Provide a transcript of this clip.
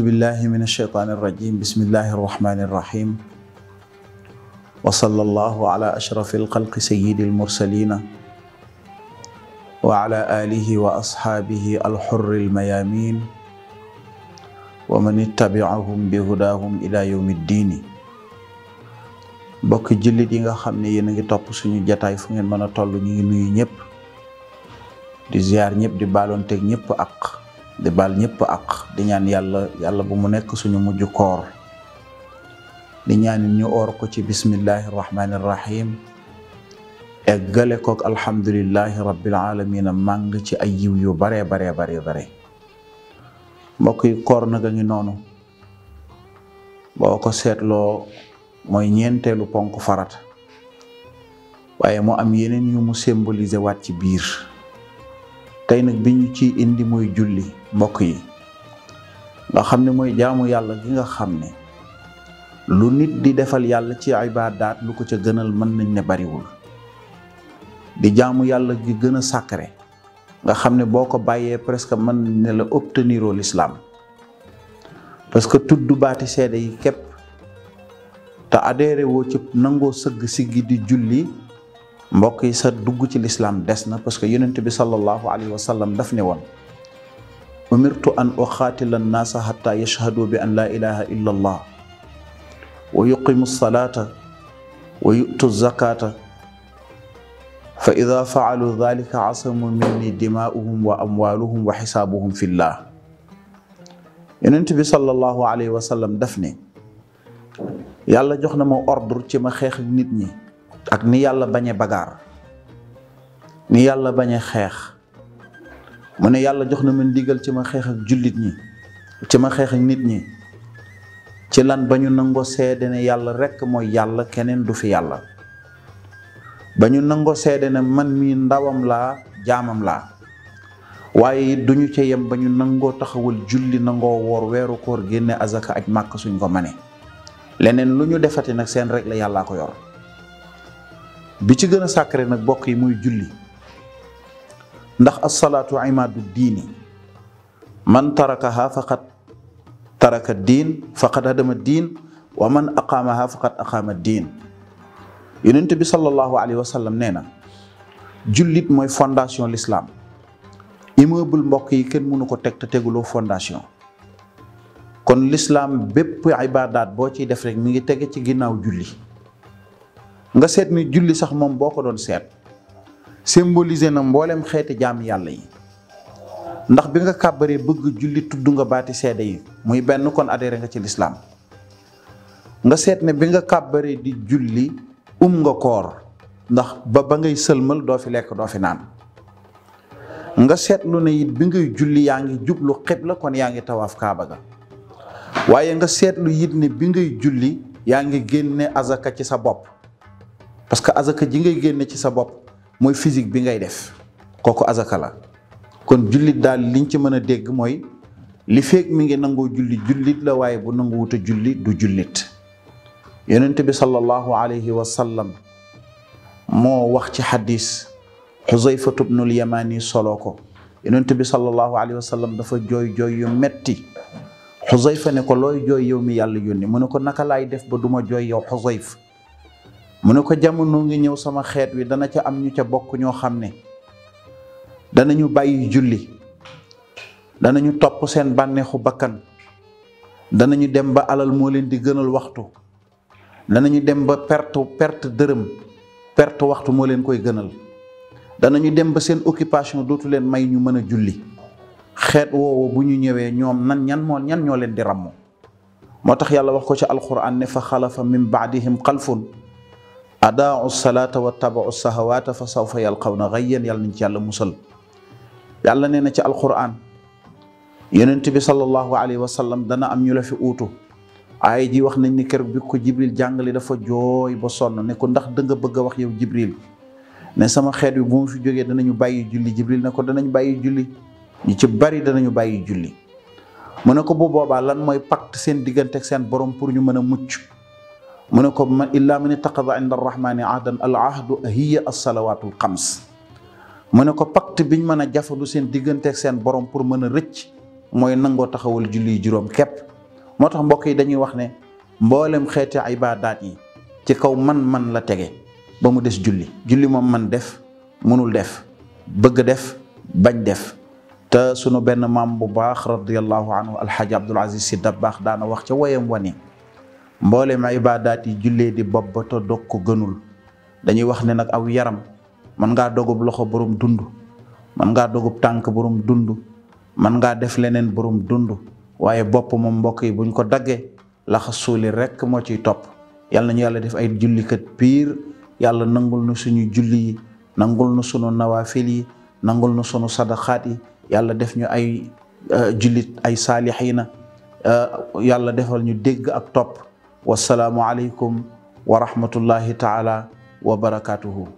أعوذ بالله من الشيطان الرجيم بسم الله الرحمن الرحيم وصلى الله على أشرف الخلق سيد المرسلين وعلى آله وأصحابه الحر الميامين ومن اتبعهم بهداهم إلى يوم الدين bokk jullit yi nga xam ne yéen a ngi topp suñu jataay fu ngeen mën a toll ñu ngi nuyu ñëpp di ziar ñëpp di baalonteeg ñëpp ak di baal ñëpp ak di ñaan yàlla yàlla bu mu nekk suñu mujj koor di ñaan ñu oor ko ci bismillahi rahmaani rahim eggale kook alhamdulilahi rabbil alamina màng ci ay yiw yu baree baree baree bare mbokk yi koor nag a ngi noonu boo ko seetloo mooy ñeenteelu ponk farat waaye mu am yeneen yu mu symboliser waat ci biir tey nag bi ñu ciy indi mooy julli mbokk yi nga xam ne mooy jaamu yàlla gi nga xam ne lu nit di defal yàlla ci ibaadaat lu ko ca gënal mën nañ ne bariwul di jaamu yàlla gi gën a sacré nga xam ne boo ko bàyyee presque mën nañ ne la obteniroo lislaam parce que tudd baati seede yi képp te adhéré woo ci nangoo sëgg siggi di julli mbokk yi sa dugg ci lislaam des na parce que yonent bi sallallahu alayhi wa sallam daf ne woon umirtu an uxaatila annaasa xatta yashhadu bi an laa ilaha illa allah wa yuqimu salaata wa yu'tu zakaata fa ida faalu dalika asamu minni dimaa'uhum wa amwaaluhum wa xisaabuhum fillah yonent bi sallallahu alayhi wa sallam daf ne yàlla jox na ma ordre ci ma xeex nit ñi ak ni yàlla bañee bagaar ni yàlla bañee xeex mu ne yàlla jox na ma ndigal ci ma xeex ak jullit ñi ci ma xeex ak nit ñi ci lan ba ñu nangoo seede ne yàlla rekk mooy yàlla keneen du fi yàlla ba ñu nangoo seede ne man mii ndawam laa jaamam laa waaye it duñu ci yem ba ñu nangoo taxawal julli nangoo woor weeru koor génne azaka ak màkk suñ ko mane leneen lu ñu defati nag seen rek la yàllaa ko yor bi ci gën a sacré nag mbokk yi muy julli ndax asalaatu imaadu diini man tarakaha faqad taraka diin faqad hadama diin wa man aqaamaha faqad aqaama diin yonent bi sallallahu alayhi wa nee na jullit mooy fondation lislaam immeuble mbokk yi kenn mënu ko teg te teguloo fondation kon l'islam bépp ibaadaat boo ciy def rek mi ngi teg ci ginnaaw julli nga seet ni julli sax moom boo ko doon seet symboliser na mboolem xeeti jaam yàlla yi ndax bi nga kàbbaree bëgg julli tudd nga baati seede yi muy benn kon adhéré nga ci lislaam nga seet ne bi nga kàbbaree di julli um nga koor ndax ba ba ngay sëlmal doo fi lekk doo fi naan nga seetlu ne it bi ngay julli yaa ngi jublu xibla kon yaa ngi tawaaf kaaba ga waaye nga seetlu it ne bi ngay julli yaa ngi génne azaka ci sa bopp parce que azaka ji ngay génne ci sa bopp mooy physique bi ngay def kooku azaka la kon jullit daal liñ ci mën a dégg mooy li feeg mi ngi nangoo julli jullit la waaye bu nanguwut a julli du jullit yonent bi sallallahu alayhi wa moo wax ci xadis xuzayfatu bnul yamani soloo ko yonent bi sallallahu alayhi wa sallam dafa jooy jooy yu metti xuzayfa ne ko looy jooy yow mi yàlla yónni mu ne ko naka laay def ba duma jooy yow xuzayf mu ne ko jamono ngi ñëw sama xeet wi dana ca am ñu ca bokk ñoo xam ne danañu bàyyi julli danañu topp seen bànneexu bakkan danañu dem ba alal moo leen di gënal waxtu danañu dem ba perte perte dërëm perte waxtu moo leen koy gënal danañu dem ba seen occupation dootu leen may ñu mën a julli xeet woowu bu ñu ñëwee ñoom nan ñan moo ñan ñoo leen di ràmm moo tax yàlla wax ko ci alquran ne fa xalafa min baadihim xalfun adaau salaata wa tabau sahawaata fa yal sawfa yalqawna ghayyan yàlla nañ ci yàlla musal yàlla nee na ci alquran yonent bi sallallahu alayhi wa sallam dana am ñu la fi uutu aay ji wax nañ ni kër bi ko jibril jàngale dafa jooy ba sonn nekku ndax da nga bëgg a wax yow jibril ne sama xeet bi bu mu fi jógee danañu bàyyi julli jibril ne ko danañ bàyyi julli ñu ci bari dana ñu bàyyi julli mu ne ko bu boobaa lan mooy pacte seen diggante seen borom pour ñu mën a mucc mu ne ko ma illaa man itaqada inda arrahmani ahdan al ahdu hiya assalawaatul xams mu ne ko pacte biñ mën a jafandu seen diggante seen borom pour mën a rëcc mooy nangoo taxawal julli juróom képp moo tax mbokk yi dañuy wax ne mboolem xeeti ibaadaat yi ci kaw man-man la tege ba mu des julli julli moom man def mënul def bëgg def bañ def te sunu benn maam bu baax radiallahu anhu alxaaji abdul aziz si dabbaax daana wax ca woyam wane mboolem ibaadaat yi jullee di bopp ba te dog ko gënul dañuy wax ne nag aw yaram mën ngaa dogub loxo borom dund mën ngaa dogub tànk borom dund mën ngaa def leneen borom dund waaye bopp moom mbokk yi buñ ko daggee laxa suuli rekk moo ciy topp yàlla nañu yàlla def ay jullikat piir yàlla nangul nu suñu julli yi nangul na sunu nawaafil yi nangul na sunu sadaxaat yi yàlla def ñu ay euh, jullit ay saalixiina euh, yàlla defal ñu dégg ak topp wasalaamu aleykum wa rahmatullahi taala wa barakatuhu